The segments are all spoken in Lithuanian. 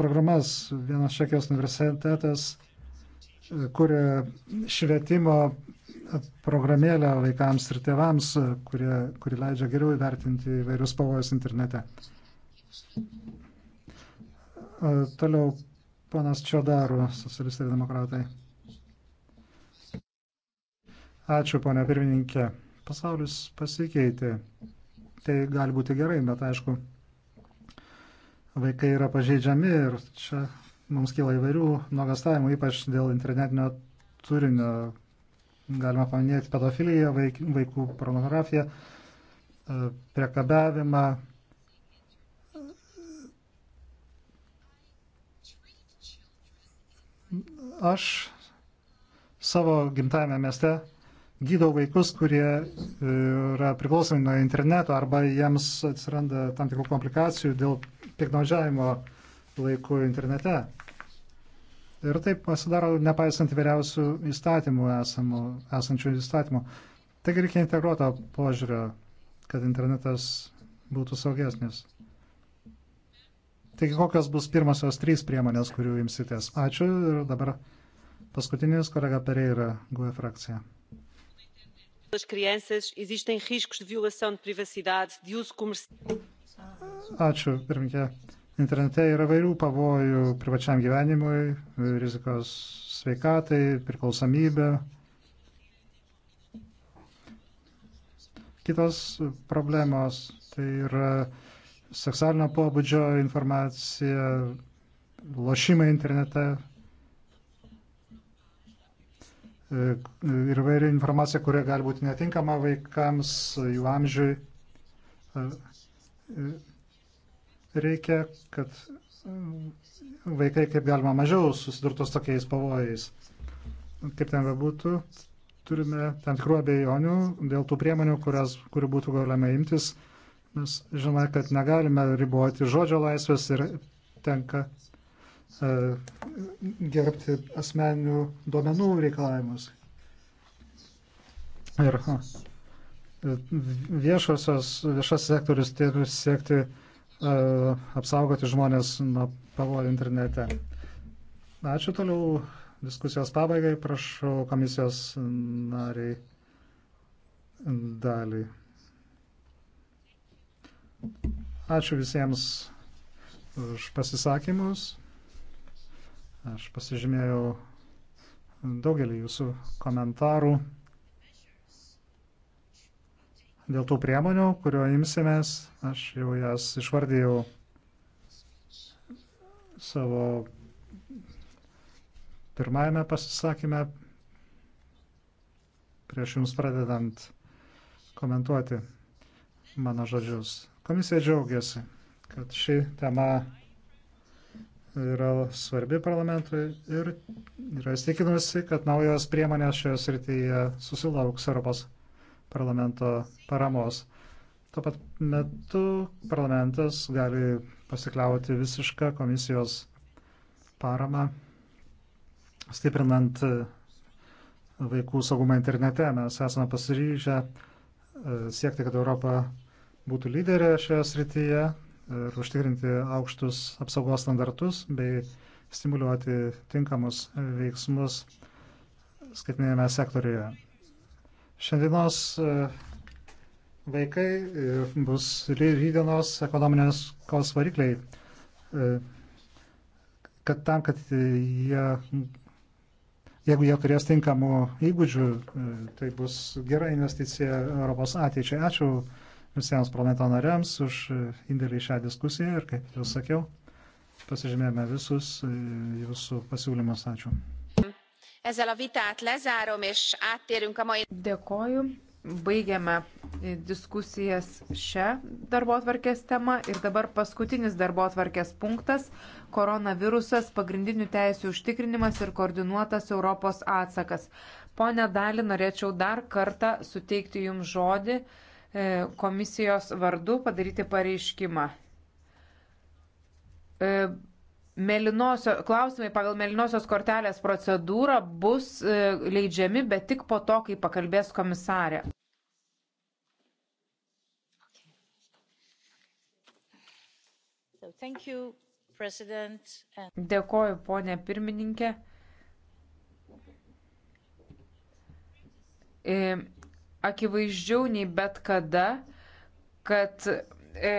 programas. Vienas Čekijos universitetas e, kuria švietimo programėlę vaikams ir tėvams, e, kurie, kuri leidžia geriau įvertinti įvairius pavojus internete. E, toliau panas Čiodaru, socialistai ir demokratai. Ačiū, ponia pirmininkė. Pasaulis pasikeitė. Tai gali būti gerai, bet aišku, vaikai yra pažeidžiami ir čia mums kyla įvairių nuogastavimų, ypač dėl internetinio turinio. Galima paminėti pedofiliją, vaikų pornografiją, e, priekabiavimą. Aš savo gimtajame mieste gydau vaikus, kurie e, yra priklausomi nuo interneto arba jiems atsiranda tam tikrų komplikacijų dėl piknaudžiavimo laiku internete. Ir taip pasidaro nepaisant vyriausių įstatymų esamų, esančių įstatymų. Taigi reikia integruoto požiūrio, kad internetas būtų saugesnis. Taigi kokios bus pirmosios trys priemonės, kurių imsitės? Ačiū ir dabar paskutinis kolega Pereira, GUE frakcija das crianças existem riscos de violação de privacidade, de uso comercial. Ačiū, pirmininkė. Internete yra vairių pavojų privačiam gyvenimui, rizikos sveikatai, priklausomybė. Kitos problemos tai yra seksualinio pobūdžio informacija, lošimai internete, ir vairi informacija, kuria gali būti netinkama vaikams, jų amžiui. Reikia, kad vaikai kaip galima mažiau susidurtos tokiais pavojais. Kaip ten bebūtų, turime tam tikrų abejonių dėl tų priemonių, kurias, kurių būtų galima imtis. Mes žinome, kad negalime riboti žodžio laisvės ir tenka gerbti asmeninių duomenų reikalavimus. Ir viešosios, viešas sektorius turi siekti apsaugoti žmonės nuo pavojų internete. Ačiū toliau. Diskusijos pabaigai prašau komisijos nariai dalį. Ačiū visiems už pasisakymus. Aš pasižymėjau daugelį jūsų komentarų dėl tų priemonių, kurio imsimės. Aš jau jas išvardėjau savo pirmajame pasisakymė prieš jums pradedant komentuoti mano žodžius. Komisija džiaugiasi, kad ši tema yra svarbi parlamentui ir yra įstikinusi, kad naujos priemonės šioje srityje susilauks Europos parlamento paramos. Tuo pat metu parlamentas gali pasikliauti visišką komisijos paramą, stiprinant vaikų saugumą internete. Mes esame pasiryžę e, siekti, kad Europa būtų lyderė šioje srityje, ir užtikrinti aukštus apsaugos standartus bei stimuliuoti tinkamus veiksmus skaitinėme sektorijoje. Šiandienos e, vaikai e, bus rydienos ekonominės kos varikliai, e, kad tam, kad jie, jeigu jie turės tinkamų įgūdžių, tai bus gera investicija Europos ateičiai. Ačiū visiems planeto nariams už indėlį į šią diskusiją ir, kaip jau sakiau, pasižymėjome visus e, jūsų pasiūlymus. Ačiū. Dėkoju. Baigiame e, diskusijas šią darbo atvarkės temą ir dabar paskutinis darbo atvarkės punktas - koronavirusas, pagrindinių teisų užtikrinimas ir koordinuotas Europos atsakas. Pone Dali, norėčiau dar kartą suteikti Jums žodį. E, komisijos vardu padaryti pareiškimą. E, Melinosio, klausimai pagal melinosios kortelės procedūrą bus e, leidžiami, bet tik po to, kai pakalbės komisarė. You, Dėkoju, ponė pirmininkė. E akivaizdžiau nei bet kada, kad e,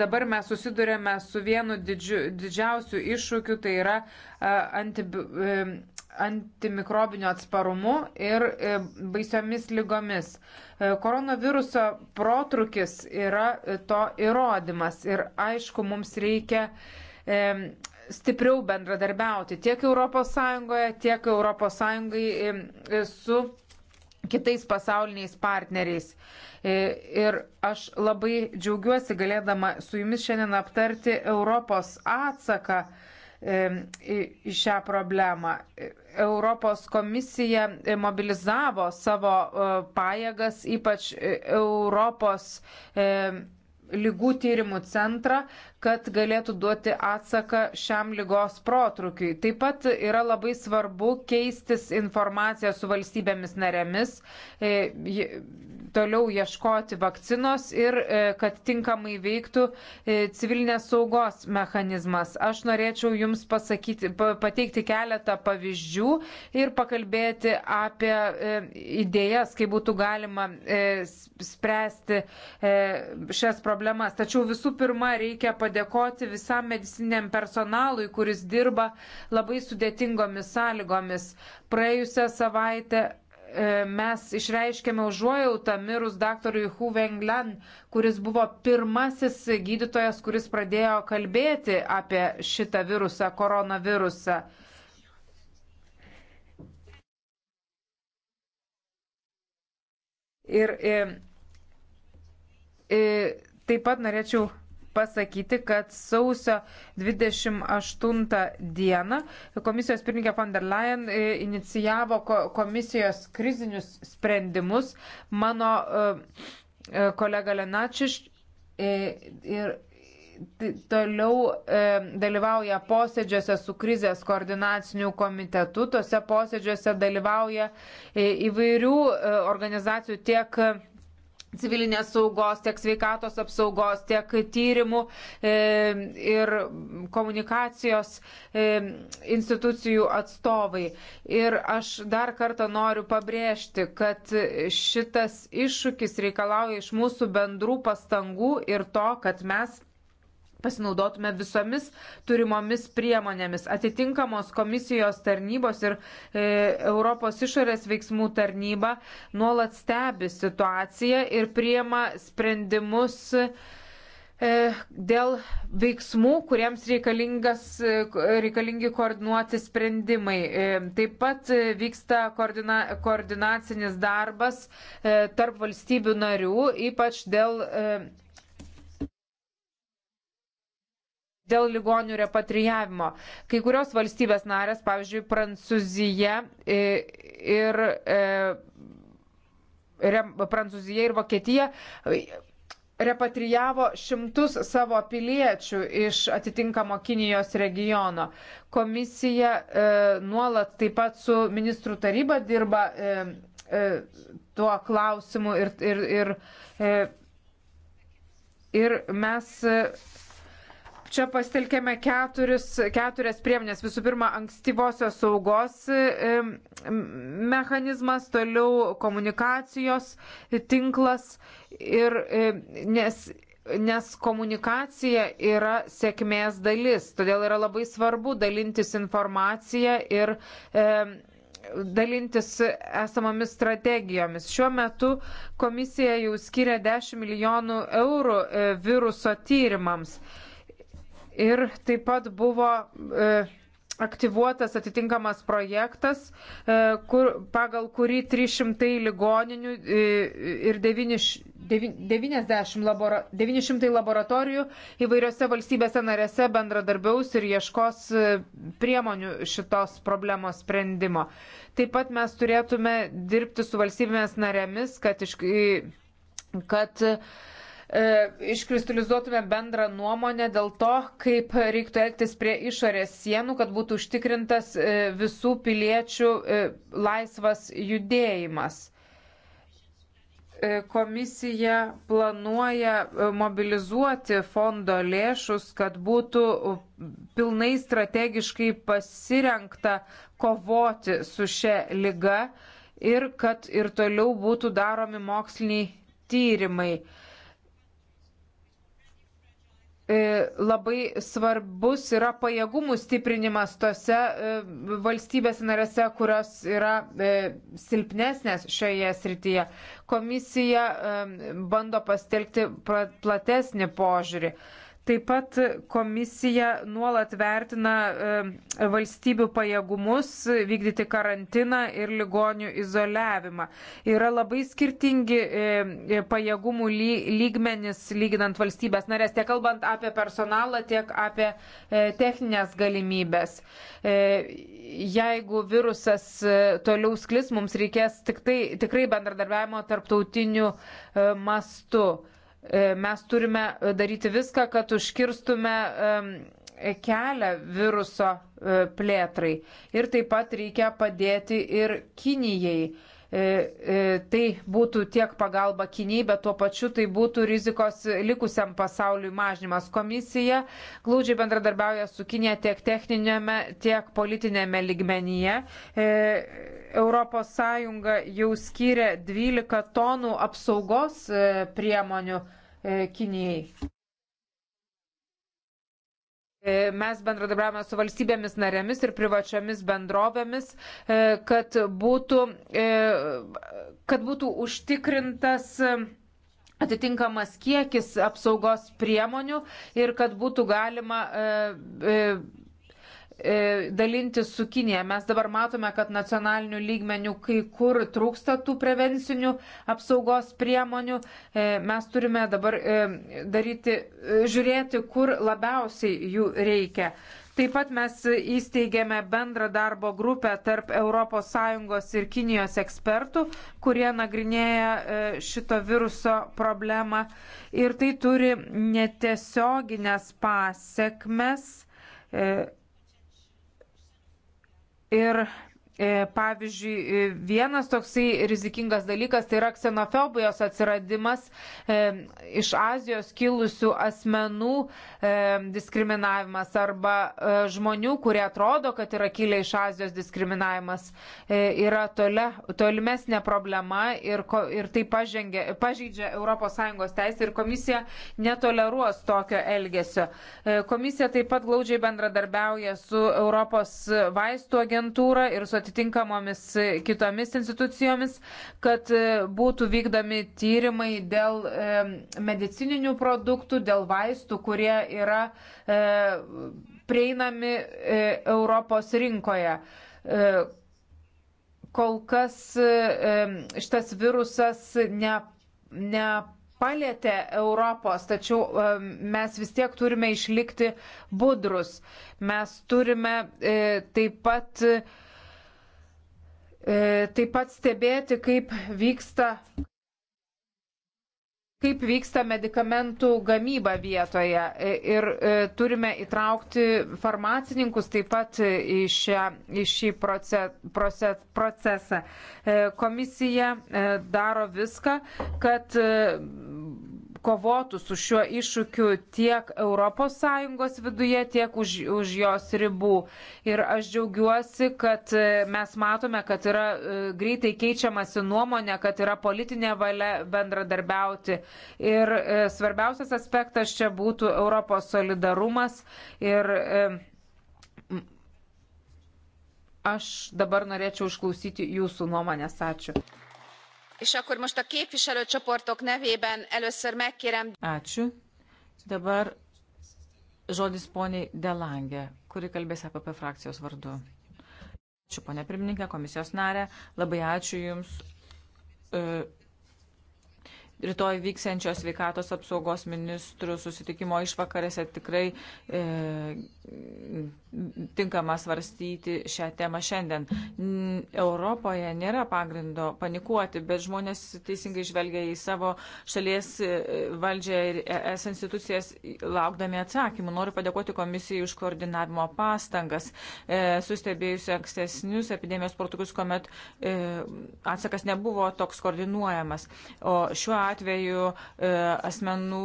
dabar mes susidurėme su vienu didžiu, didžiausiu iššūkiu, tai yra e, anti, e, antimikrobinio atsparumu ir e, baisiomis lygomis. E, koronaviruso protrukis yra e, to įrodymas ir aišku, mums reikia e, stipriau bendradarbiauti tiek ES, tiek ES e, e, su kitais pasauliniais partneriais. E, ir aš labai džiaugiuosi galėdama su jumis šiandien aptarti Europos atsaką e, į šią problemą. Europos komisija mobilizavo savo e, pajėgas, ypač Europos lygų tyrimų centrą, kad galėtų duoti atsaką šiam lygos protrukiui. Taip pat yra labai svarbu keistis informaciją su valstybėmis narėmis. E, toliau ieškoti vakcinos ir e, kad tinkamai veiktų e, civilinės saugos mechanizmas. Aš norėčiau Jums pasakyti, pateikti keletą pavyzdžių ir pakalbėti apie e, idėjas, kaip būtų galima spręsti šias problemas. Tačiau visų pirma, reikia padėkoti visam medicininiam personalui, kuris dirba labai sudėtingomis sąlygomis. Praėjusią savaitę E, mes išreiškėme užuojautą mirus daktarui Hu Venglan, kuris buvo pirmasis gydytojas, kuris pradėjo kalbėti apie šitą virusą, koronavirusą. Ir, ir, e, ir e, taip pat norėčiau pasakyti, kad sausio 28 dieną komisijos pirmininkė von der Leyen e, inicijavo komisijos krizinius sprendimus. Mano e, e, kolega Lenačiš ir toliau e, dalyvauja posėdžiuose su krizės koordinaciniu komitetu. Tuose posėdžiuose dalyvauja e, įvairių e, organizacijų tiek civilinės saugos, tiek sveikatos apsaugos, tiek tyrimų e, ir komunikacijos e, institucijų atstovai. Ir aš dar kartą noriu pabrėžti, kad šitas iššūkis reikalauja iš mūsų bendrų pastangų ir to, kad mes pasinaudotume visomis turimomis priemonėmis. Atitinkamos komisijos tarnybos ir e, Europos išorės veiksmų tarnyba nuolat stebi situaciją ir priema sprendimus e, dėl veiksmų, kuriems e, reikalingi koordinuoti sprendimai. E, taip pat e, vyksta koordina, koordinacinis darbas tarp valstybių narių, ypač dėl dėl ligonių repatrijavimo. Kai kurios valstybės narės, pavyzdžiui, Prancūzija ir, ir e, Prancūzija ir Vokietija repatrijavo šimtus savo piliečių iš atitinkamo Kinijos regiono. Komisija e, nuolat taip pat su ministrų taryba dirba e, e, tuo klausimu ir, ir, ir, e, ir mes. E, Čia pastelkėme keturis, keturias priemonės. Visų pirma, ankstyvosios saugos mechanizmas, toliau komunikacijos tinklas ir nes nes komunikacija yra sėkmės dalis, todėl yra labai svarbu dalintis informaciją ir e, dalintis esamomis strategijomis. Šiuo metu komisija jau skiria 10 milijonų eurų e, viruso tyrimams. E, Ir taip pat buvo e, aktyvuotas atitinkamas projektas, e, kur, pagal kurį 300 ligoninių e, ir 9, 90 labora, 900 laboratorijų įvairiose valstybėse narėse bendradarbiaus ir ieškos e, priemonių šitos problemos sprendimo. Taip pat mes turėtume dirbti su valstybėmis narėmis, kad, iš, kad e, E, iškristalizuotume bendrą nuomonę dėl to, kaip reiktų elgtis prie išorės sienų, kad būtų užtikrintas e, visų piliečių e, laisvas judėjimas. Komisija planuoja mobilizuoti fondo lėšus, kad būtų pilnai strategiškai pasirenkta kovoti su šia lyga ir kad ir toliau būtų daromi moksliniai tyrimai. E, labai svarbus yra pajėgumų stiprinimas tose e, valstybės narėse, kurios yra e, silpnesnės šioje srityje. Komisija bando pastelgti platesnį požiūrį. Taip pat komisija nuolat vertina e, valstybių pajėgumus vykdyti karantiną ir ligonių izoliavimą. Yra labai skirtingi e, pajėgumų lygmenis lyginant valstybės narės, tiek kalbant apie personalą, tiek apie e, techninės galimybės. Jeigu virusas toliau sklis, mums reikės tik tai, tikrai bendradarbiavimo tarptautiniu mastu. E, mes turime e, daryti viską, kad užkirstume kelią viruso e, plėtrai. Ir taip pat reikia padėti ir Kinijai. E, e, tai būtų tiek pagalba Kinijai, bet tuo pačiu tai būtų rizikos likusiam pasauliui mažinimas. Komisija glaudžiai bendradarbiauja su Kinija tiek techninėme, tiek politinėme ligmenyje. E, Europos Sąjunga jau skyrė 12 tonų apsaugos priemonių Kinijai. E, mes bendradarbiavame su valstybėmis narėmis ir privačiomis bendrovėmis, e, kad būtų, e, kad būtų užtikrintas atitinkamas kiekis apsaugos priemonių ir kad būtų galima E, dalintis su Kinėje. Mes dabar matome, kad nacionalinių lygmenių kai kur trūksta tų prevencinių apsaugos priemonių. E, mes turime dabar e, daryti, žiūrėti, kur labiausiai jų reikia. Taip pat mes įsteigėme bendrą darbo grupę tarp ES ir Kinijos ekspertų, kurie nagrinėja šito viruso problemą. Ir tai turi netiesioginės pasiekmes Ir E, pavyzdžiui, e, vienas toksai rizikingas dalykas tai yra ksenofobijos atsiradimas e, iš Azijos kilusių asmenų diskriminavimas arba žmonių, kurie atrodo, kad yra kilę iš Azijos diskriminavimas, yra tole, tolimesnė problema ir, ir tai pažengė, pažeidžia ES teisę ir komisija netoleruos tokio elgesio. Komisija taip pat glaudžiai bendradarbiauja su Europos vaistų agentūra ir su atitinkamu atitinkamomis e, kitomis institucijomis, kad e, būtų vykdomi tyrimai dėl e, medicininių produktų, dėl vaistų, kurie yra prieinami Europos rinkoje kol kas šitas virusas ne, ne palėtė Europos, tačiau mes vis tiek turime išlikti budrus. Mes turime taip pat E, taip pat stebėti, kaip vyksta, kaip vyksta medikamentų gamyba vietoje. E, ir e, turime įtraukti farmacininkus taip pat į, šią, į šį proces, proces, procesą. Komisija daro viską, kad kovotų su šiuo iššūkiu tiek ES viduje, tiek už, už jos ribų. Ir aš džiaugiuosi, kad e, mes matome, kad yra e, greitai keičiamasi nuomonė, kad yra politinė valia bendradarbiauti. Ir e, svarbiausias aspektas čia būtų Europos solidarumas. Ir, Aš dabar norėčiau išklausyti jūsų nuomonės. Ačiū. Ačiū. Dabar žodis poniai Delangė, kuri kalbės apie P frakcijos vardu. Ačiū, ponė pirmininkė, komisijos narė. Labai ačiū Jums. Uh, rytoj vyksiančios sveikatos apsaugos ministrų susitikimo išvakarėse tikrai e, tinkama svarstyti šią temą šiandien. Europoje nėra pagrindo panikuoti, bet žmonės teisingai žvelgia į savo šalies e, valdžią ir es institucijas laukdami atsakymų. Noriu padėkoti komisijai už koordinavimo pastangas, e, sustebėjusi ankstesnius epidemijos portukus, kuomet e, atsakas nebuvo toks koordinuojamas. O šiuo atveju e, asmenų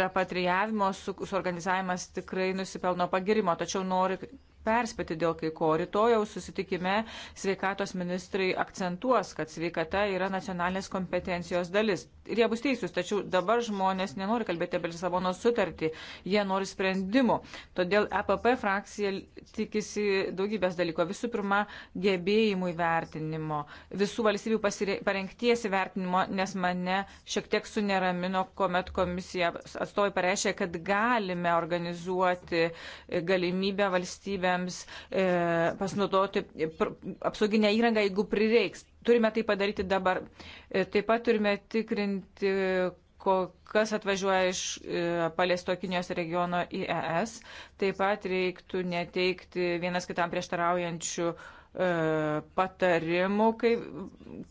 repatrijavimo suorganizavimas tikrai nusipelno pagirimo, tačiau noriu perspėti dėl kai ko. Rytojaus susitikime sveikatos ministrai akcentuos, kad sveikata yra nacionalinės kompetencijos dalis. Ir jie bus teisūs, tačiau dabar žmonės nenori kalbėti apie Lisabonos sutartį, jie nori sprendimų. Todėl EPP frakcija tikisi daugybės dalyko. Visų pirma, gebėjimų įvertinimo, visų valstybių parengties įvertinimo, nes mane šiek tiek suneramino, kuomet komisija atstovai pareiškė, kad galime organizuoti galimybę valstybę darbuotojams e, pasinaudoti apsauginę įrangą, jeigu prireiks. Turime tai padaryti dabar. E, taip pat turime tikrinti, kas atvažiuoja iš e, Palesto Kinijos regiono į ES. Taip pat reiktų neteikti vienas kitam prieštaraujančių e, patarimų, kaip,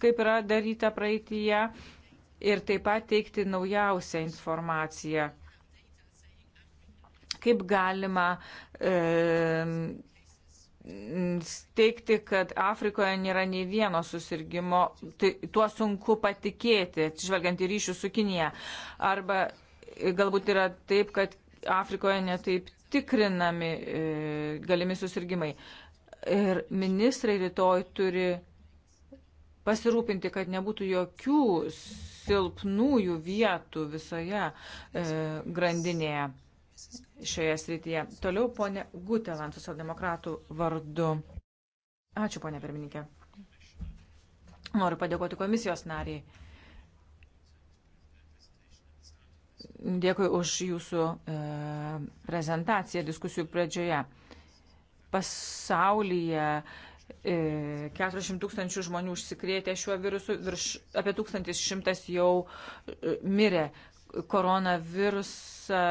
kaip yra daryta praeitįje. Ir taip pat teikti naujausią informaciją kaip galima e, steigti, kad Afrikoje nėra nei vieno susirgymo, tai tuo sunku patikėti, atsižvelgiant į ryšių su Kinija. Arba galbūt yra taip, kad Afrikoje netaip tikrinami e, galimi susirgymai. Ir ministrai rytoj turi pasirūpinti, kad nebūtų jokių silpnųjų vietų visoje e, grandinėje šioje srityje. Toliau ponė Gutelant, socialdemokratų vardu. Ačiū, ponė pirmininkė. Noriu padėkoti komisijos nariai. Dėkui už jūsų e, prezentaciją diskusijų pradžioje. Pasaulyje e, 40 tūkstančių žmonių užsikrėtė šiuo virusu, virš, apie 1100 jau e, mirė. Koronavirusą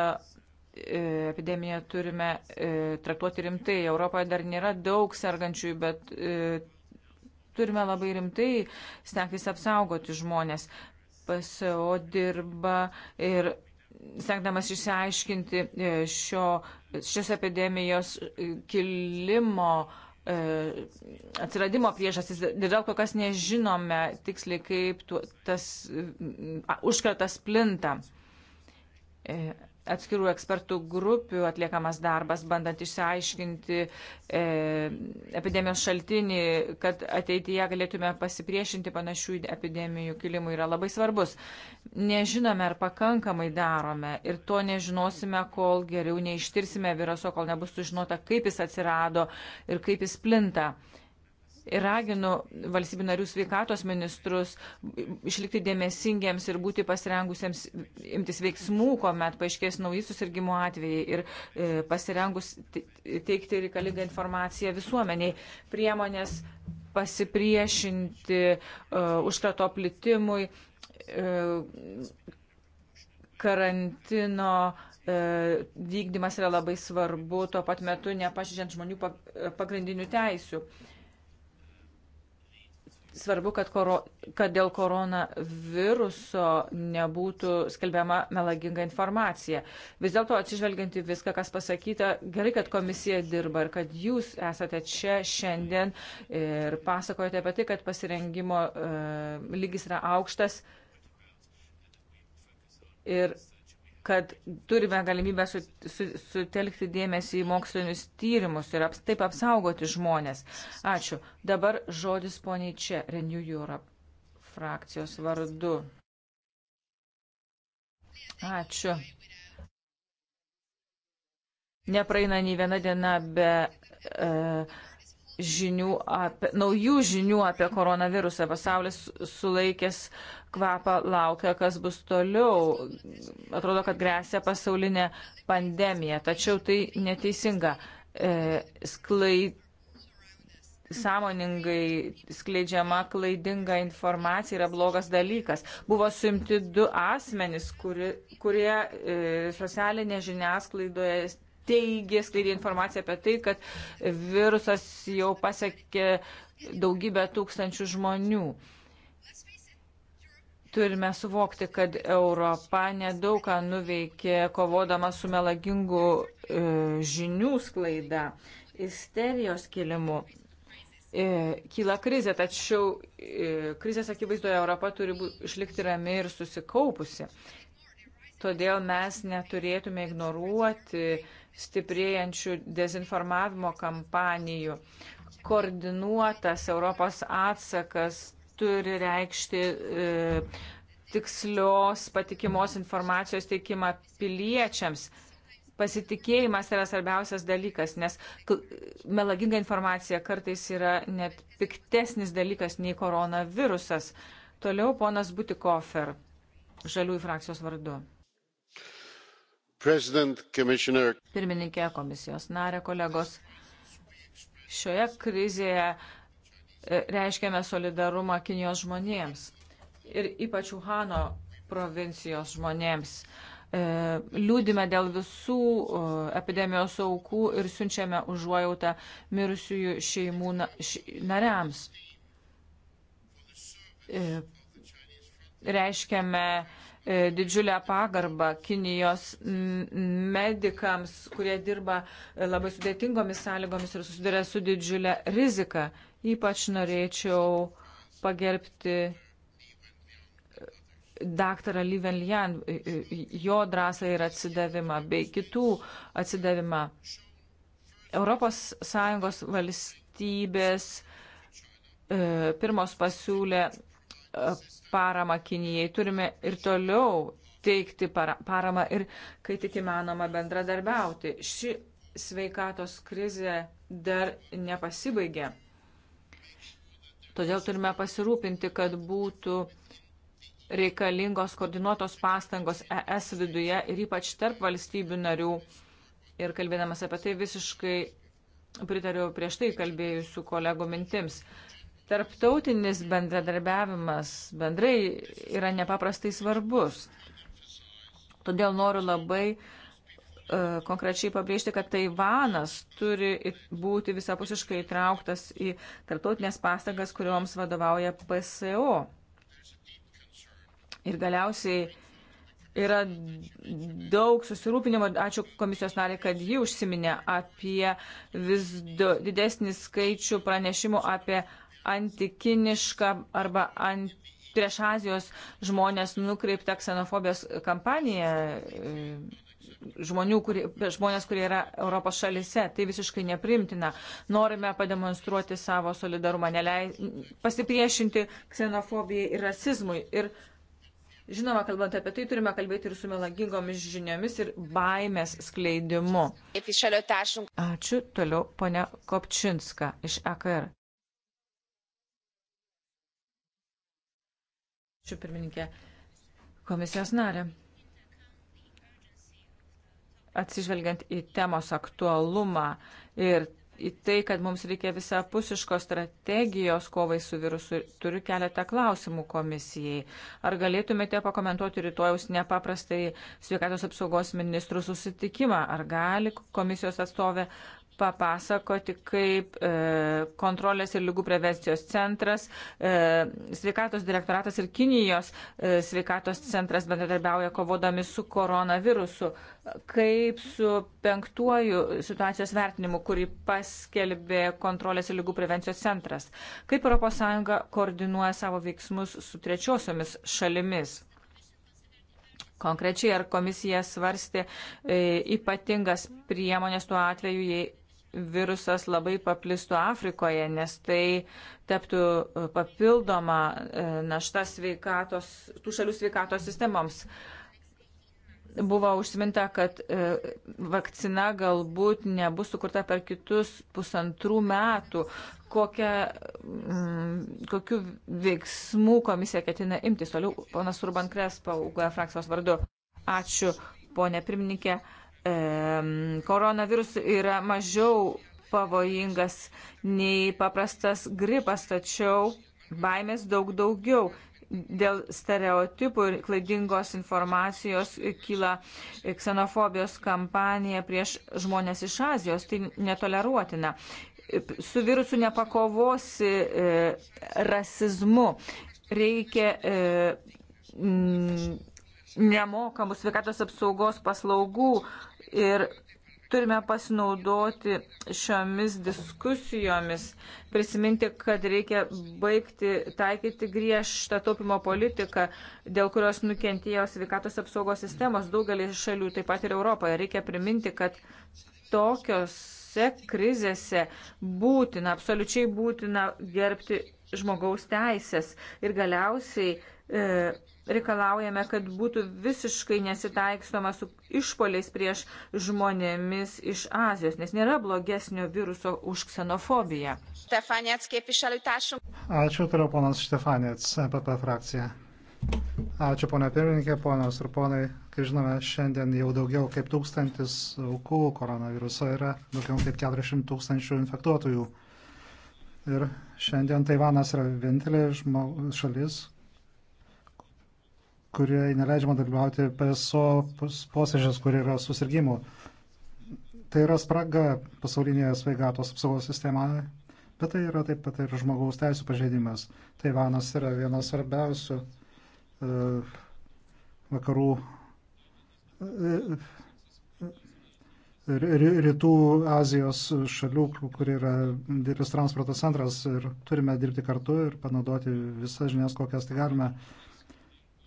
E, epidemiją turime e, traktuoti rimtai. Europoje dar nėra daug sergančiųjų, bet e, turime labai rimtai stengtis apsaugoti žmonės. PSO dirba ir stengdamas išsiaiškinti šio, šios epidemijos kilimo atsiradimo priežastis, dėl kol kas nežinome tiksliai, kaip tu, tas užkratas plinta atskirų ekspertų grupių atliekamas darbas, bandant išsiaiškinti e, epidemijos šaltinį, kad ateityje galėtume pasipriešinti panašių epidemijų kilimų yra labai svarbus. Nežinome, ar pakankamai darome ir to nežinosime, kol geriau neištirsime viruso, kol nebus sužinota, kaip jis atsirado ir kaip jis plinta. E, Ir raginu valstybių narių sveikatos ministrus išlikti dėmesingiems ir būti pasirengusiems imtis veiksmų, kuomet paaiškės nauji susirgymo atvejai ir e, pasirengus teikti reikalingą informaciją visuomeniai. Priemonės pasipriešinti e, užkrato plitimui, e, karantino e, vykdymas yra labai svarbu, tuo pat metu nepažydžiant žmonių pagrindinių teisių. E, svarbu, kad, koro, kad dėl koronaviruso nebūtų skelbiama melaginga informacija. Vis dėlto atsižvelgiant į viską, kas pasakyta, gerai, kad komisija dirba ir kad jūs esate čia šiandien ir pasakojate apie tai, kad pasirengimo e, lygis yra aukštas. Ir kad turime galimybę su, su, sutelkti dėmesį į mokslinius tyrimus ir aps, taip apsaugoti žmonės. Ačiū. Dabar žodis poniai čia, Renew Europe frakcijos vardu. Ačiū. Nepraeina nei viena diena be. E, žinių apie, naujų žinių apie koronavirusą. Pasaulis sulaikęs kvapą laukia, kas bus toliau. Atrodo, kad grėsia pasaulinė pandemija, tačiau tai neteisinga. E, Sklaid... Sąmoningai skleidžiama klaidinga informacija yra blogas dalykas. Buvo suimti du asmenys, kuri, kurie e, socialinė žiniasklaidoje teigė, skleidė informaciją apie tai, kad virusas jau pasiekė daugybę tūkstančių žmonių. E, Turime suvokti, kad Europa nedaug ką nuveikė kovodama su melagingų e, žinių sklaida, isterijos kilimu. E, kyla krizė, tačiau e, krizės akivaizdoje Europa turi bū, išlikti rami ir susikaupusi. Todėl mes neturėtume ignoruoti stiprėjančių dezinformavimo kampanijų. Koordinuotas Europos atsakas turi reikšti e, tikslios patikimos informacijos teikimą piliečiams. Pasitikėjimas yra svarbiausias dalykas, nes melaginga informacija kartais yra net piktesnis dalykas nei koronavirusas. Toliau ponas Butikofer, žaliųjų frakcijos vardu. Pirmininkė komisijos narė, kolegos, šioje krizėje E, reiškiame solidarumą Kinijos žmonėms ir ypač Uhano provincijos žmonėms. E, liūdime dėl visų e, epidemijos aukų ir siunčiame užuojautą mirusiųjų šeimų nariams. Reiškiame didžiulę pagarbą Kinijos medikams, kurie dirba labai sudėtingomis sąlygomis ir susiduria su didžiulė rizika. Ypač norėčiau pagerbti e, daktarą Lyvenlian, e, e, jo drąsą ir atsidavimą, bei kitų atsidavimą. ES valstybės pirmos pasiūlė paramą Kinijai. Turime ir toliau teikti paramą ir, kai tik įmanoma, bendradarbiauti. Ši sveikatos krizė dar nepasibaigė. Todėl turime pasirūpinti, kad būtų reikalingos koordinuotos pastangos ES viduje ir ypač tarp valstybių narių. Ir kalbėdamas apie tai visiškai pritariu prieš tai kalbėjusių kolegų mintims. Tarptautinis bendradarbiavimas bendrai yra nepaprastai svarbus. Todėl noriu labai uh, E, konkrečiai pabrėžti, kad Taivanas turi būti visapusiškai įtrauktas į tarptautinės pastangas, kurioms vadovauja PSO. Ir galiausiai yra daug susirūpinimo, ačiū komisijos nariai, kad ji užsiminė apie vis didesnį skaičių pranešimų apie antikinišką arba ant prieš Azijos žmonės nukreiptą ksenofobijos kampaniją žmonių, kurie, žmonės, kurie yra Europos šalise. Tai visiškai neprimtina. Norime pademonstruoti savo solidarumą, neleis, pasipriešinti ksenofobijai ir rasizmui. Ir Žinoma, kalbant apie tai, turime kalbėti ir su melagingomis žiniomis ir baimės skleidimu. Ačiū. Toliau ponia Kopčinska iš AKR. E Ačiū pirmininkė. Komisijos narė atsižvelgiant į temos aktualumą ir į tai, kad mums reikia visapusiškos strategijos kovai su virusu, turiu keletą klausimų komisijai. Ar galėtumėte pakomentuoti rytojaus nepaprastai sveikatos apsaugos ministrų susitikimą? Ar gali komisijos atstovė papasakoti, kaip e, kontrolės ir lygų prevencijos centras, e, sveikatos direktoratas ir Kinijos e, sveikatos centras bendradarbiauja kovodami su koronavirusu, kaip su penktuoju situacijos vertinimu, kurį paskelbė kontrolės ir lygų prevencijos centras, kaip ES koordinuoja savo veiksmus su trečiosiomis šalimis. Konkrečiai, ar komisija svarstė e, ypatingas priemonės tuo atveju, jei virusas labai paplistų Afrikoje, nes tai taptų e, papildoma e, našta sveikatos, tų šalių sveikatos sistemoms. Buvo užsiminta, kad e, vakcina galbūt nebus sukurta per kitus pusantrų metų. Kokia, mm, kokiu veiksmu komisija ketina imtis? Toliau, ponas Urban Krespa, UGA frakcijos vardu. Ačiū, ponė pirmininkė. Uh, koronavirus yra mažiau pavojingas nei paprastas gripas, tačiau baimės daug daugiau. Dėl stereotipų ir klaidingos informacijos kyla ksenofobijos kampanija prieš žmonės iš Azijos. Tai netoleruotina. Su virusu nepakovosi e, rasizmu. Reikia e, m, nemokamų sveikatos apsaugos paslaugų, Ir turime pasinaudoti šiomis diskusijomis, prisiminti, kad reikia baigti taikyti griežtą taupimo politiką, dėl kurios nukentėjo sveikatos apsaugos sistemos daugelį šalių, taip pat ir Europoje. Reikia priminti, kad tokiose krizėse būtina, absoliučiai būtina gerbti žmogaus teisės ir galiausiai E, reikalaujame, kad būtų visiškai nesitaikstoma su išpoliais prieš žmonėmis iš Azijos, nes nėra blogesnio viruso už ksenofobiją. Ačiū, toliau ponas Štefanėts, e PP frakcija. Ačiū, ponia pirmininkė, ponios ir ponai. Kaip žinome, šiandien jau daugiau kaip tūkstantis aukų koronaviruso yra, daugiau kaip 400 tūkstančių infektuotųjų. Ir šiandien Taivanas yra vienintelė šalis, kuriai neleidžiama dalyvauti PSO posėdžius, kur yra susirgymų. Tai yra spraga pasaulinėje sveikatos apsaugos sistemoje, bet tai yra taip pat ir žmogaus teisų pažeidimas. Taivanas yra vienas svarbiausių uh, vakarų uh, rytų Azijos šalių, kur yra didelis transporto centras ir turime dirbti kartu ir panaudoti visas žinias, kokias tai galime. Uh,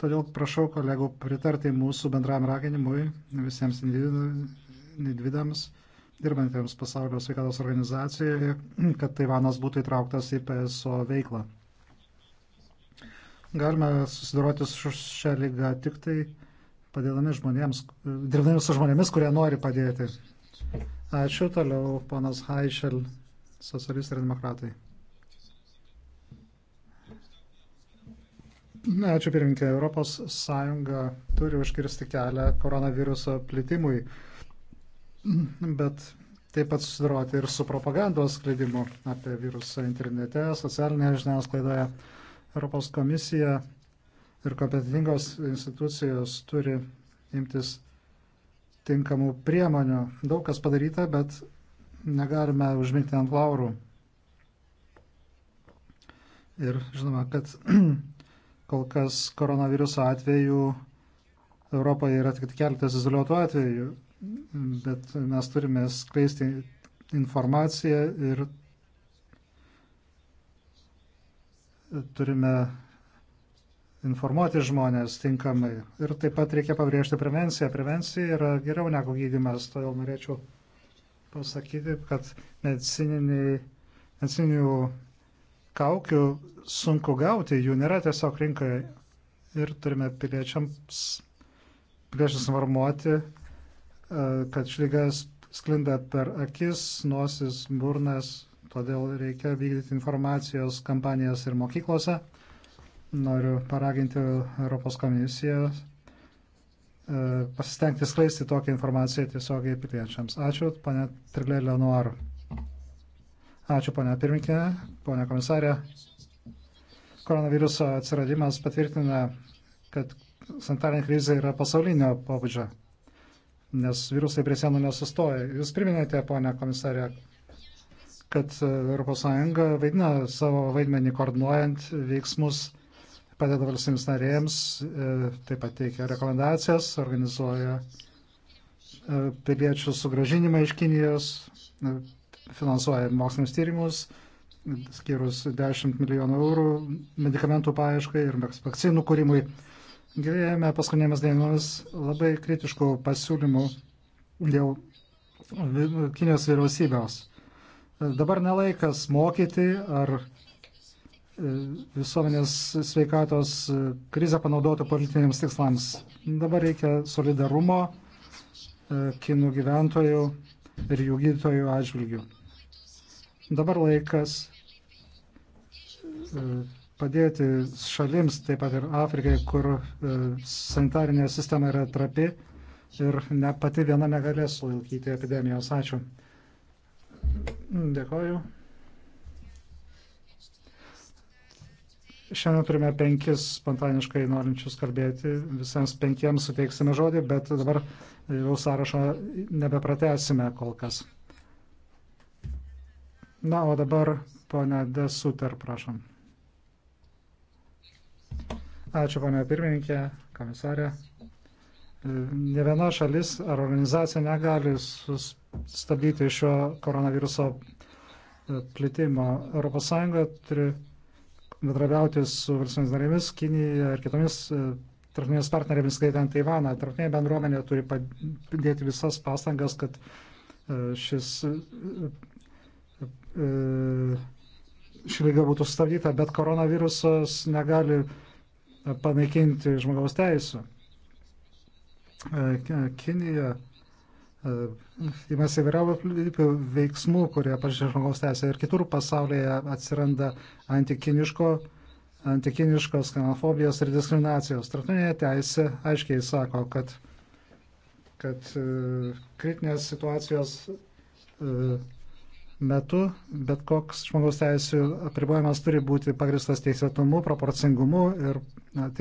Todėl prašau kolegų pritarti mūsų bendram raginimui visiems individams dirbantiems pasaulio sveikatos organizacijoje, kad Taivanas būtų įtrauktas į PSO veiklą. Galime susidoroti su šią lygą tik tai padėdami žmonėms, dirbdami su žmonėmis, kurie nori padėti. Ačiū toliau, ponas Haišel, socialistai ir demokratai. Na, ačiū pirmininkė. Europos Sąjunga turi užkirsti kelią koronaviruso plitimui, bet taip pat susidoroti ir su propagandos skleidimu apie virusą internete, socialinėje žiniasklaidoje. Europos komisija ir kompetentingos institucijos turi imtis tinkamų priemonių. Daug kas padaryta, bet negalime užmigti ant laurų. Ir žinoma, kad Kol kas koronaviruso atveju Europoje yra tik keletas izoliuotų atvejų, bet mes turime skleisti informaciją ir turime informuoti žmonės tinkamai. Ir taip pat reikia pabrėžti prevenciją. Prevencija yra geriau negu gydimas, todėl norėčiau pasakyti, kad medicininių kaukių sunku gauti, jų nėra tiesiog rinkoje. Ir turime piliečiams, piliečiams informuoti, e, kad šlygas sklinda per akis, nosis, burnas, todėl reikia vykdyti informacijos kampanijas ir mokyklose. Noriu paraginti Europos komisiją e, pasistengti skleisti tokią informaciją tiesiogiai piliečiams. Ačiū, pane Trilė Lenuaru. Ačiū, ponia pirmininkė, ponia komisarė. Koronaviruso atsiradimas patvirtina, kad sanitarinė krizė yra pasaulinio pobūdžio, nes virusai prie sienų nesustoja. Jūs priminėte, ponia komisarė, kad ES vaidina savo vaidmenį koordinuojant veiksmus, padeda valstybėms narėjams, e, taip pat teikia rekomendacijas, organizuoja e, piliečių sugražinimą iš Kinijos, e, finansuoja mokslinius tyrimus, skirus 10 milijonų eurų medikamentų paieškai ir vakcinų kūrimui. Girdėjome paskutinėmis dienomis labai kritiškų pasiūlymų dėl Kinijos vyriausybės. Dabar nelaikas mokyti ar e, visuomenės sveikatos e, krizę panaudoti politiniams tikslams. Dabar reikia solidarumo e, kinų gyventojų ir jų gydytojų atžvilgių. Dabar laikas e, padėti šalims, taip pat ir Afrikai, kur e, sanitarinė sistema yra trapi ir ne pati viena negalės sulaikyti epidemijos. Ačiū. Dėkoju. Šiandien turime penkis spontaniškai norinčius kalbėti, visiems penkiems suteiksime žodį, bet dabar jau sąrašą nebepratesime kol kas. Na, o dabar ponia Desuter, prašom. Ačiū, ponia pirmininkė, komisarė. Ne viena šalis ar organizacija negali sustabdyti šio koronaviruso plitimo. ES turi bendrabiauti su valstybėmis narėmis, Kinija ir kitomis e, tarptautinėmis partnerėmis, skaitant Taivaną. Tarptautinė bendruomenė turi padėti visas pastangas, kad e, šis, e, ši lyga būtų sustabdyta, bet koronavirusas negali panaikinti žmogaus teisų. Kinija E, imasi įvairiausių veiksmų, kurie pažeidžia žmogaus teisę. Ir kitur pasaulyje atsiranda antikiniško, antikiniškos xenofobijos ir diskriminacijos. Tartunėje teisė aiškiai sako, kad, kad e, kritinės situacijos e, metu bet koks žmogaus teisų apribojimas turi būti pagristas teisėtumu, proporcingumu ir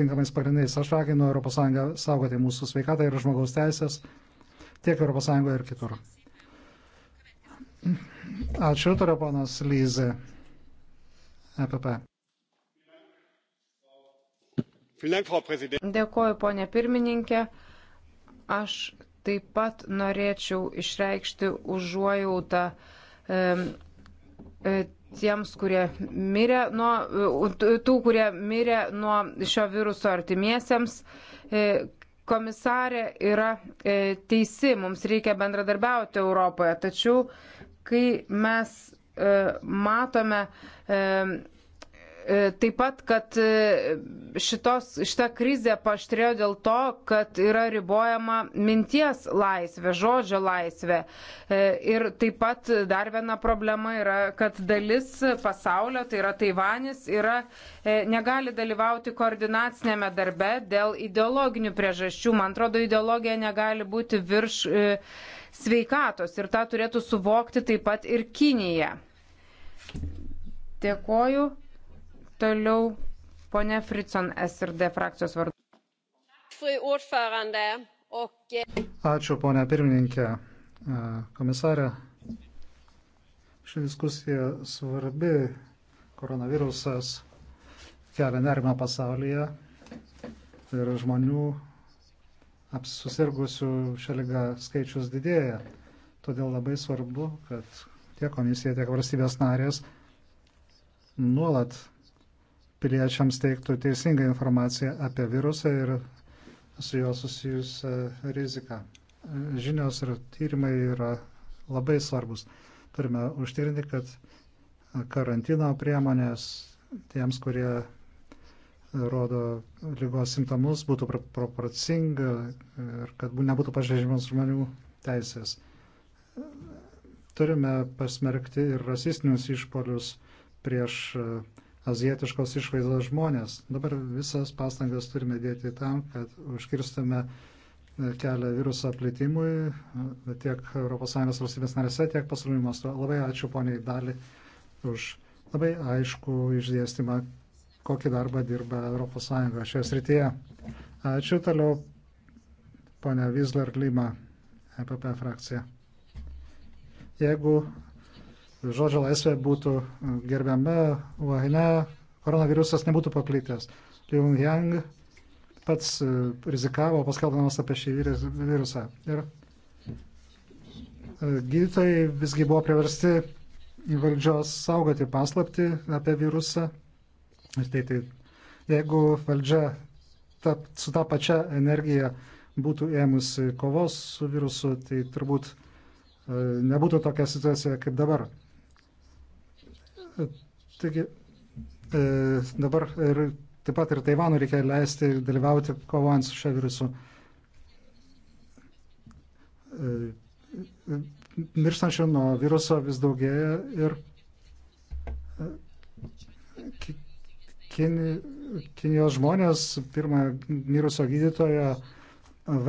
tinkamais pagrindais. Aš raginu ES saugoti mūsų sveikatą ir žmogaus teisės tiek ES ir kitur. Ačiū, turiu ponas Lyze, EPP. Dėkoju, ponė pirmininkė. Aš taip pat norėčiau išreikšti užuojautą e, e, tiems, kurie mirė nuo, e, tų, kurie mirė nuo šio viruso artimiesiems. E, Komisarė yra e, teisi, mums reikia bendradarbiauti Europoje, tačiau kai mes e, matome e, E, taip pat, kad e, šitos, šita krizė paštrėjo dėl to, kad yra ribojama minties laisvė, žodžio laisvė. E, ir taip pat dar viena problema yra, kad dalis pasaulio, tai yra Taivanis, yra, negali dalyvauti koordinacinėme darbe dėl ideologinių priežasčių. Man atrodo, ideologija negali būti virš sveikatos ir tą turėtų suvokti taip pat ir Kinija. Dėkoju. Toliau ponė Fritson SRD frakcijos vardu. Eh, Ačiū ponė pirmininkė, komisarė. Ši diskusija svarbi. Koronavirusas kelia nerimą pasaulyje ir žmonių susirgusių šią lygą skaičius didėja. Todėl labai svarbu, kad tiek komisija, tiek valstybės narės nuolat piliečiams teiktų teisingą informaciją apie virusą ir su juo susijusią riziką. Žinios ir tyrimai yra labai svarbus. Turime užtikrinti, kad karantino priemonės tiems, kurie rodo lygos simptomus, būtų proporcinga ir kad nebūtų pažeidžiamas žmonių teisės. Turime pasmerkti ir rasistinius išpolius prieš uh, azietiškos išvaizdos žmonės. Dabar visas pastangas turime dėti tam, kad užkirstume e, kelią viruso plitimui e, tiek ES valstybės narėse, tiek pasaulyje mastu. Labai ačiū poniai Dali už labai aišku išdėstymą, kokį darbą dirba ES šioje srityje. Ačiū toliau ponia Vizler Lima, EPP frakcija. Jeigu žodžio laisvė būtų e, gerbiama Uhane, koronavirusas nebūtų paplitęs. Pyongyang pats e, rizikavo paskelbdamas apie šį virusą. Ir e, gydytojai visgi buvo priversti valdžios saugoti paslapti apie virusą. Ir tai, tai jeigu valdžia ta, su tą pačią energiją būtų ėmusi kovos su virusu, tai turbūt nebūtų tokia situacija kaip dabar. Taigi e, dabar ir taip pat ir Taivanų reikia leisti dalyvauti kovojant su šia virusu. E, mirštančių nuo viruso vis daugėja ir e, kin, Kinijos žmonės pirmą mirusio gydytojo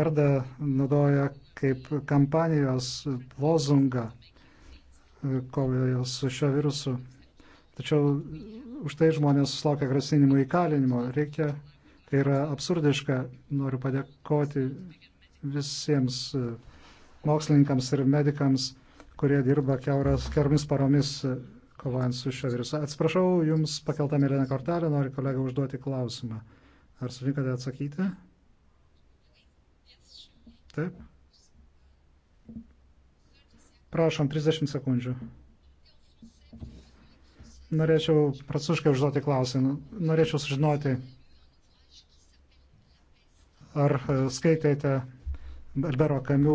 vardą naudoja kaip kampanijos lozungą kovoje su šiuo virusu. Tačiau už tai žmonės susilaukia grasinimų įkalinimo. Reikia, tai yra absurdiška. Noriu padėkoti visiems e, mokslininkams ir medikams, kurie dirba keuras, keurmis paromis e, kovojant su šio virusu. Atsiprašau, jums pakeltą mėlyną kortelę, noriu kolegą užduoti klausimą. Ar sutinkate atsakyti? Taip. Prašom, 30 sekundžių. Norėčiau prancūziškai užduoti klausimą. Norėčiau sužinoti, ar e, skaitėte Berbero Kamių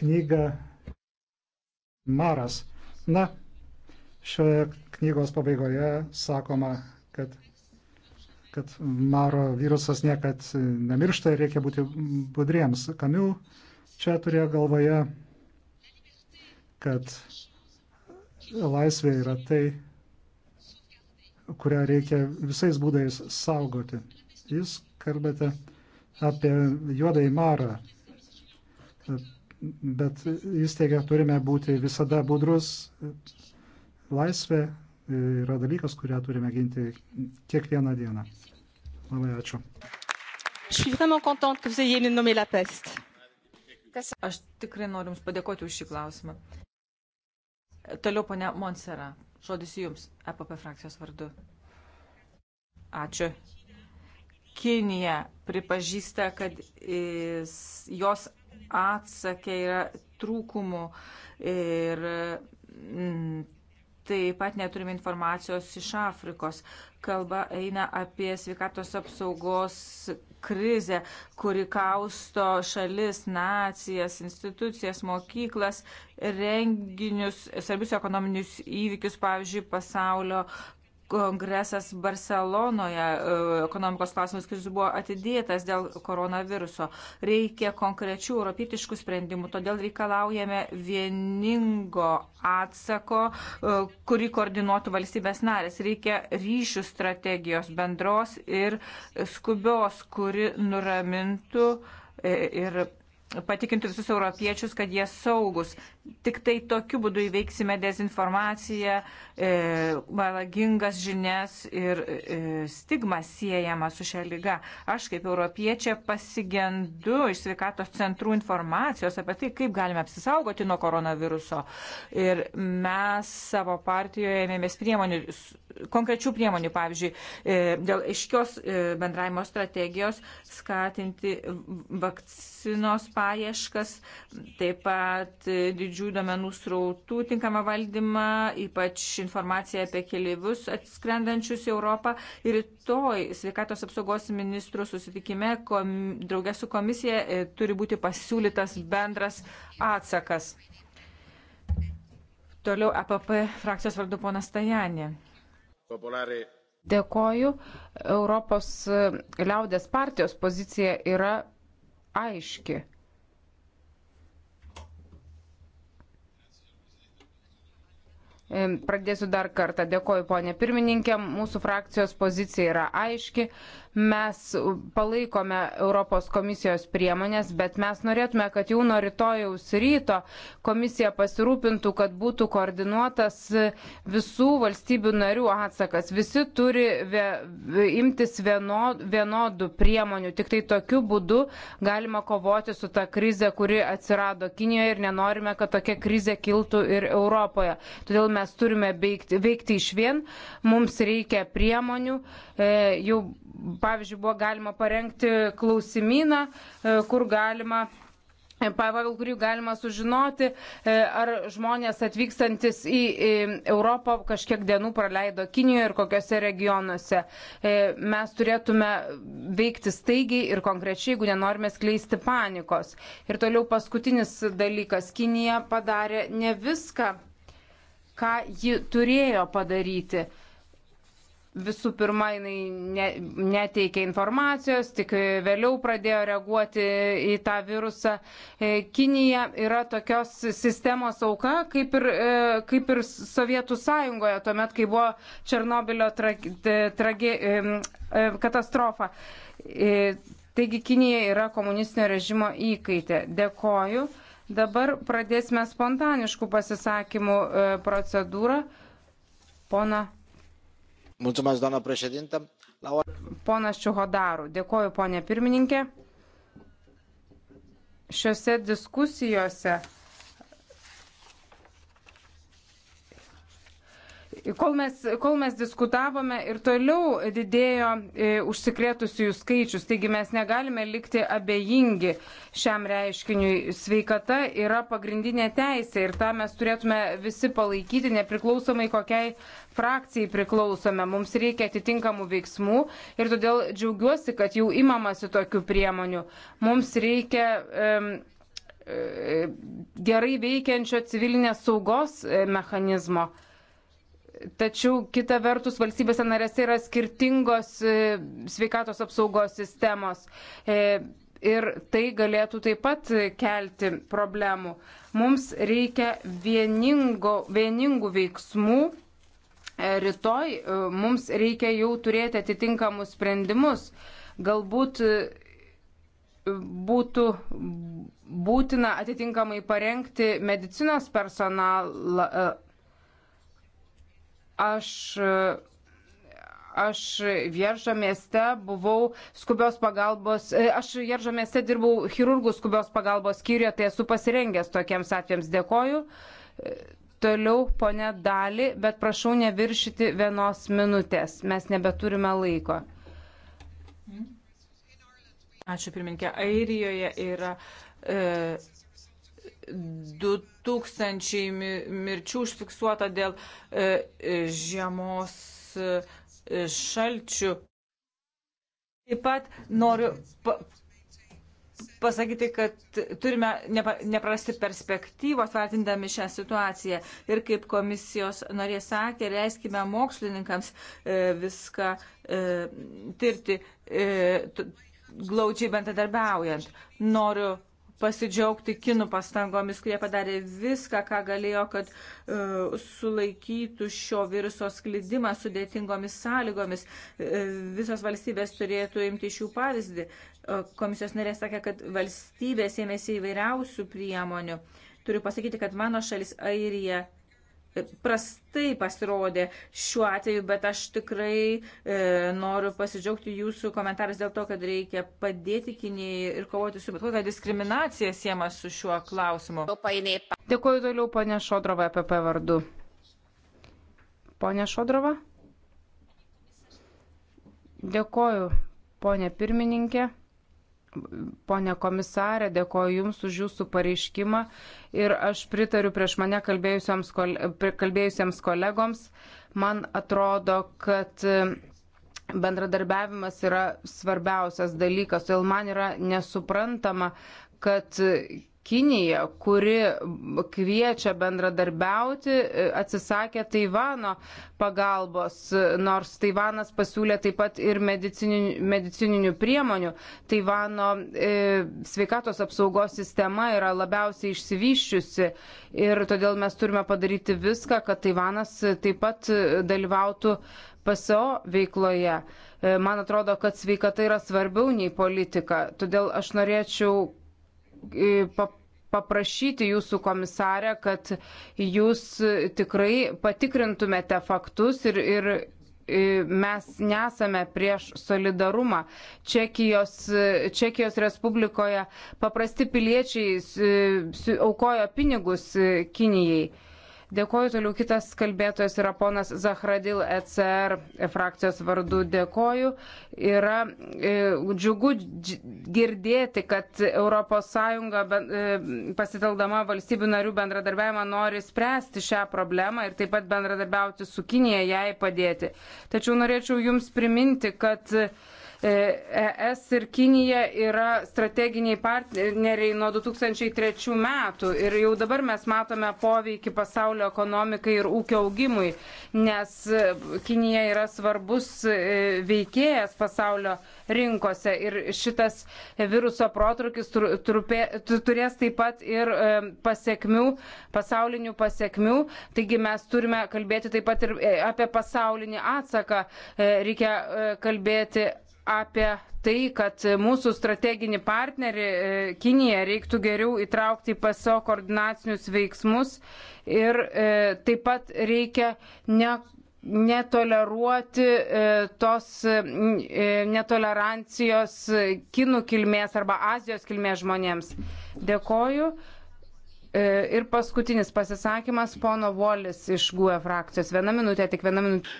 knygą Maras. Na, šioje knygos pabaigoje sakoma, kad, kad maro virusas niekad nemiršta ir reikia būti budriems. Kamiu čia turėjo galvoje, kad laisvė yra tai, kurią reikia visais būdais saugoti. Jūs kalbate apie juodąjį marą, bet jis teigia, turime būti visada budrus. Laisvė yra dalykas, kurią turime ginti kiekvieną dieną. Labai ačiū. Aš tikrai noriu Jums padėkoti už šį klausimą. Toliau, ponia Monsera, Žodis jums, EPP frakcijos vardu. Ačiū. Kinija pripažįsta, kad jos atsakė yra trūkumų ir mm, Taip pat neturime informacijos iš Afrikos. Kalba eina apie sveikatos apsaugos krizę, kuri kausto šalis, nacijas, institucijas, mokyklas, renginius, svarbius ekonominius įvykius, pavyzdžiui, pasaulio kongresas Barcelonoje e, ekonomikos klausimus, kuris buvo atidėtas dėl koronaviruso. Reikia konkrečių europietiškų sprendimų, todėl reikalaujame vieningo atsako, e, kurį koordinuotų valstybės narės. Reikia ryšių strategijos bendros ir skubios, kuri nuramintų e, ir patikinti visus europiečius, kad jie saugus. Tik tai tokiu būdu įveiksime dezinformaciją, e, valagingas žinias ir e, stigmą siejamą su šia lyga. Aš kaip europiečia pasigendu iš sveikatos centrų informacijos apie tai, kaip galime apsisaugoti nuo koronaviruso. Ir mes savo partijoje ėmėmės priemonių konkrečių priemonių, pavyzdžiui, e, dėl aiškios e, bendravimo strategijos skatinti vakcinos paieškas, taip pat e, didžių domenų srautų tinkamą valdymą, ypač informaciją apie keliaivius atskrendančius į Europą. Ir rytoj sveikatos apsaugos ministrų susitikime kom, draugė su komisija turi būti pasiūlytas bendras atsakas. Toliau APP frakcijos vardu ponas Tajanė. Dėkoju. Europos e, liaudės partijos pozicija yra aiški. E, pradėsiu dar kartą. Dėkoju, ponė pirmininkė. Mūsų frakcijos pozicija yra aiški. Mes palaikome Europos komisijos priemonės, bet mes norėtume, kad jau nuo rytojaus ryto komisija pasirūpintų, kad būtų koordinuotas visų valstybių narių atsakas. Visi turi vė, imtis vienodų, vienodų priemonių. Tik tai tokiu būdu galima kovoti su ta krize, kuri atsirado Kinijoje ir nenorime, kad tokia krize kiltų ir Europoje. Todėl mes turime veikti, veikti iš vien, mums reikia priemonių. E, jau Pavyzdžiui, buvo galima parengti klausimyną, e, kur galima e, pagal kurį galima sužinoti, e, ar žmonės atvykstantis į Europą kažkiek dienų praleido Kinijoje ir kokiuose regionuose. Mes turėtume veikti staigiai ir konkrečiai, jeigu nenorime skleisti panikos. Ir toliau paskutinis dalykas. Kinija padarė ne viską, ką ji turėjo padaryti. Visų pirma, jinai ne, neteikė informacijos, tik vėliau pradėjo reaguoti į tą virusą. E, Kinija yra tokios sistemos auka, kaip ir, e, kaip ir Sovietų sąjungoje, tuomet, kai buvo Černobilio tra, trage, e, katastrofa. Taigi Kinija yra komunistinio režimo įkaitė. Dėkoju. Dabar pradėsime spontaniškų pasisakymų procedūrą. Pona Mulțumesc, doamna președintă. La... Ponas Čiuhodaru, dėkoju, ponė pirmininkė. Šiuose diskusijose Kol mes, kol mes diskutavome ir toliau didėjo e, užsikrėtusiųjų skaičius, taigi mes negalime likti abejingi šiam reiškiniui. Sveikata yra pagrindinė teisė ir tą mes turėtume visi palaikyti, nepriklausomai kokiai frakcijai priklausome. Mums reikia atitinkamų veiksmų ir todėl džiaugiuosi, kad jau imamasi tokių priemonių. Mums reikia. Um, e, gerai veikiančio civilinės saugos e, mechanizmo. Tačiau kita vertus valstybėse narėse yra skirtingos e, sveikatos apsaugos sistemos. E, ir tai galėtų taip pat kelti problemų. Mums reikia vieningo, vieningų veiksmų. E, rytoj mums reikia jau turėti atitinkamus sprendimus. Galbūt būtų būtina atitinkamai parengti medicinos personalą Aš aš Vieržo mieste buvau skubios pagalbos, e, aš Vieržo mieste dirbau chirurgų skubios pagalbos skyriuje, tai esu pasirengęs tokiems atvejams. Dėkoju. E, toliau ponė dalį, bet prašau neviršyti vienos minutės, mes nebeturime laiko. Ačiū pirminkė. Airijoje yra. E, 2000 mirčių užfiksuota dėl e, e, žiemos e, šalčių. Taip pat noriu pa pasakyti, kad turime neprasti perspektyvos vertindami šią situaciją. Ir kaip komisijos norė sakė, leiskime mokslininkams viską tirti glaudžiai bendradarbiaujant. Noriu pasidžiaugti kinų pastangomis, kurie padarė viską, ką galėjo, kad uh, sulaikytų šio viruso sklidimą sudėtingomis sąlygomis. Uh, visos valstybės turėtų imti šių pavyzdį. Uh, komisijos narė sakė, kad valstybės ėmėsi įvairiausių priemonių. Turiu pasakyti, kad mano šalis Airija prastai pasirodė šiuo atveju, bet aš tikrai e, noriu pasidžiaugti jūsų komentarais dėl to, kad reikia padėti Kinijai ir kovoti su bet kokia diskriminacija siema su šiuo klausimu. Dėkuoju toliau, ponė Šodrova, APP e vardu. Ponė Šodrova? Dėkuoju, ponė pirmininkė. Pone komisarė, dėkoju Jums už Jūsų pareiškimą ir aš pritariu prieš mane kalbėjusiems, kalbėjusiems kolegoms. Man atrodo, kad e, bendradarbiavimas yra svarbiausias dalykas, todėl man yra nesuprantama, kad Kinija, kuri kviečia bendradarbiauti, e, atsisakė Taivano pagalbos, nors Taivanas pasiūlė taip pat ir medicininių, medicininių priemonių. Taivano e, sveikatos apsaugos sistema yra labiausiai išsivyščiusi ir todėl mes turime padaryti viską, kad Taivanas taip pat dalyvautų PSO veikloje. E, man atrodo, kad sveikata yra svarbiau nei politika. Todėl aš norėčiau, paprašyti jūsų komisarę, kad jūs tikrai patikrintumėte faktus ir, ir mes nesame prieš solidarumą. Čekijos, Čekijos Respublikoje paprasti piliečiai aukojo pinigus Kinijai. Dėkoju toliau. Kitas kalbėtojas yra ponas Zahradil ECR frakcijos vardu. Dėkoju. Yra e, džiugu girdėti, kad ES e, pasitelkdama valstybių narių bendradarbiavimą nori spręsti šią problemą ir taip pat bendradarbiauti su Kinėje jai padėti. Tačiau norėčiau Jums priminti, kad e, ES e ir Kinija yra strateginiai partneriai nuo 2003 metų ir jau dabar mes matome poveikį pasaulio ekonomikai ir ūkio augimui, nes Kinija yra svarbus e, veikėjas pasaulio rinkose ir šitas viruso protrukis trupė, turės taip pat ir e, pasiekmių, pasaulinių pasiekmių. Taigi mes turime kalbėti taip pat ir apie pasaulinį atsaką. Reikia kalbėti apie tai, kad mūsų strateginį partnerį e, Kiniją reiktų geriau įtraukti į PSO koordinacinius veiksmus ir e, taip pat reikia ne netoleruoti e, tos netolerancijos kinų kilmės arba Azijos kilmės žmonėms. Dėkoju. E, ir paskutinis pasisakymas, pono Volis iš GUE frakcijos. Viena minutė, tik viena minutė.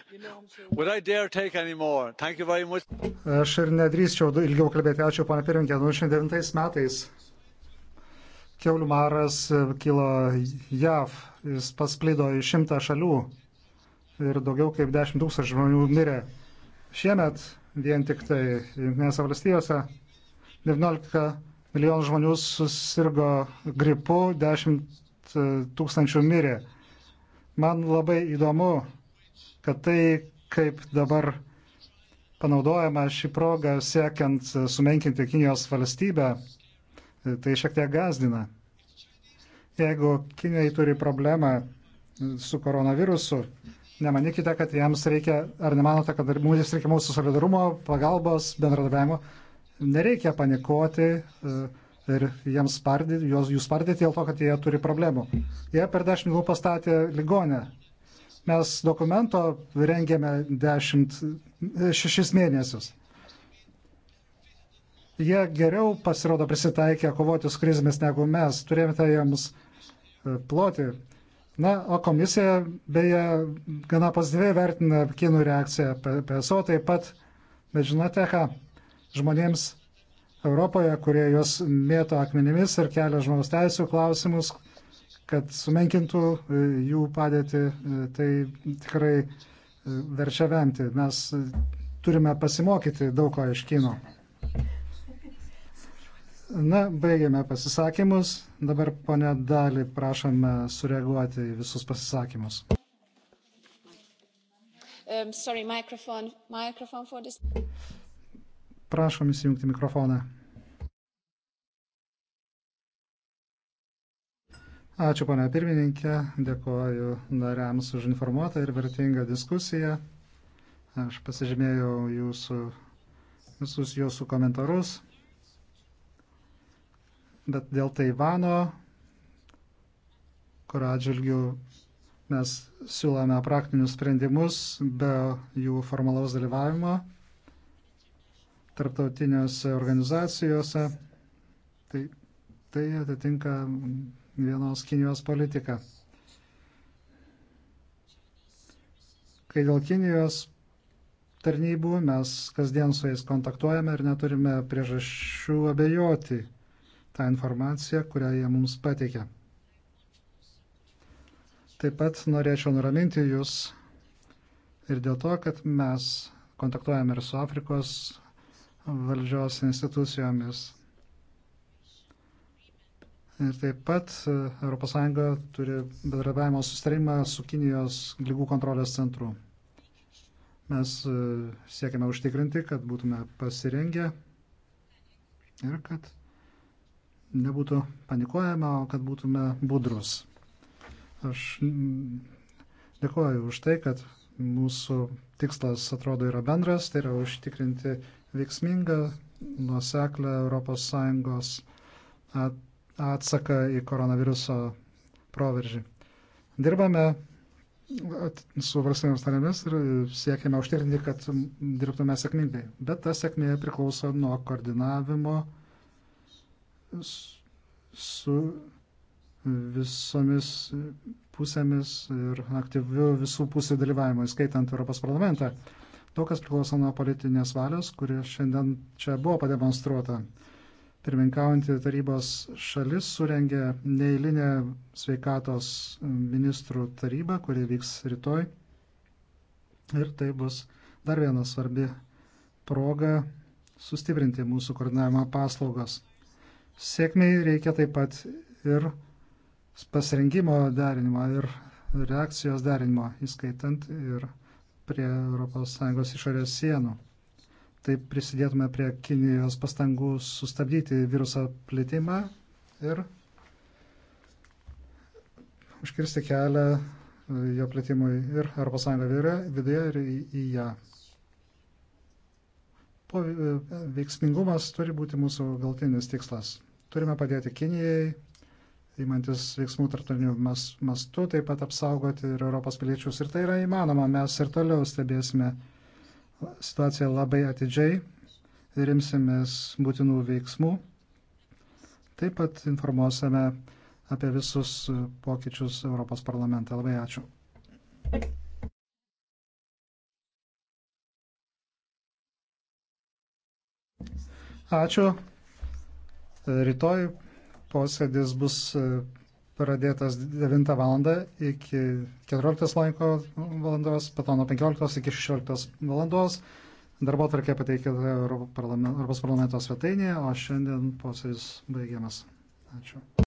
Aš ir nedrįsčiau ilgiau kalbėti. Ačiū, pana pirmininkė. 2009 metais keulių maras e, kilo JAV. Jis pasklido į šimtą šalių ir daugiau kaip 10 tūkstančių žmonių mirė. Šiemet vien tik tai Junktinėse valstijose 19 milijonų žmonių susirgo gripu, 10 e, tūkstančių mirė. Man labai įdomu, kad tai, kaip dabar panaudojama šį progą siekiant sumenkinti Kinijos valstybę, e, tai šiek tiek gazdina. Jeigu Kinijai turi problemą e, su koronavirusu, nemanykite, kad jiems reikia, ar nemanote, kad mums reikia mūsų solidarumo, pagalbos, bendradarbiavimo, nereikia panikuoti e, ir jiems spardyti, juos jų spardyti dėl to, kad jie turi problemų. Jie per dešimt dienų pastatė ligonę. Mes dokumento rengėme dešimt, e, šešis mėnesius. Jie geriau pasirodo prisitaikę kovoti su krizėmis negu mes. Turėjome jiems e, ploti. Na, o komisija beje gana pozityviai vertina kinų reakciją PSO taip pat. Bet žinote ką? žmonėms Europoje, kurie juos mėto akmenimis ir kelia žmogaus teisų klausimus, kad sumenkintų e, jų padėtį, e, tai tikrai e, verčia venti. Mes turime pasimokyti daug ko iš kino. Na, baigėme pasisakymus. Dabar ponę Dalį prašome sureaguoti į visus pasisakymus. Um, sorry, microphone. Microphone for this. Prašom įsijungti mikrofoną. Ačiū, ponia pirmininkė, dėkoju nariams už informuotą ir vertingą diskusiją. Aš pasižymėjau jūsų, visus jūsų komentarus. Bet dėl Taivano, kur atžvilgių mes siūlome praktinius sprendimus be jų formalaus dalyvavimo tarptautinėse organizacijose. Tai, tai atitinka vienos Kinijos politiką. Kai dėl Kinijos tarnybų mes kasdien su jais kontaktuojame ir neturime priežasčių abejoti tą informaciją, kurią jie mums pateikia. Taip pat norėčiau nuraminti jūs ir dėl to, kad mes kontaktuojame ir su Afrikos valdžios institucijomis. Ir taip pat ES turi bendradarbiavimo sustarimą su Kinijos lygų kontrolės centru. Mes e, siekiame užtikrinti, kad būtume pasirengę ir kad nebūtų panikuojama, o kad būtume budrus. Aš mm, dėkuoju už tai, kad mūsų tikslas atrodo yra bendras, tai yra užtikrinti veiksmingą nuoseklę ES atsaką į koronaviruso proveržį. Dirbame su valstybėmis narėmis ir siekiame užtikrinti, kad dirbtume sėkmingai. Bet ta sėkmė priklauso nuo koordinavimo su visomis pusėmis ir aktyviu visų pusių dalyvavimu, įskaitant Europos parlamentą. Daug kas priklauso nuo politinės valios, kuri šiandien čia buvo pademonstruota. Pirminkaujantį tarybos šalis surengė neįlinę sveikatos ministrų tarybą, kuri vyks rytoj. Ir tai bus dar viena svarbi proga sustiprinti mūsų koordinavimo paslaugas. Sėkmiai reikia taip pat ir pasirengimo derinimo ir reakcijos derinimo, įskaitant ir prie ES išorės sienų. Taip prisidėtume prie Kinijos pastangų sustabdyti viruso plitimą ir užkirsti kelią e, jo plitimui ir ES viduje ir į ją. Po, e, veiksmingumas turi būti mūsų galtinis tikslas. Turime padėti Kinijai įmantis veiksmų tarptautiniu mas, mastu, taip pat apsaugoti ir Europos piliečius. Ir tai yra įmanoma. Mes ir toliau stebėsime situaciją labai atidžiai ir imsimės būtinų veiksmų. Taip pat informuosime apie visus pokyčius Europos parlamente. Labai ačiū. Ačiū. Rytoj posėdis bus e, pradėtas 9 val. iki 14 val. pato nuo 15 iki 16 val. Darbo tvarkė pateikėte Europos parlamento svetainėje, o šiandien posėdis baigiamas. Ačiū.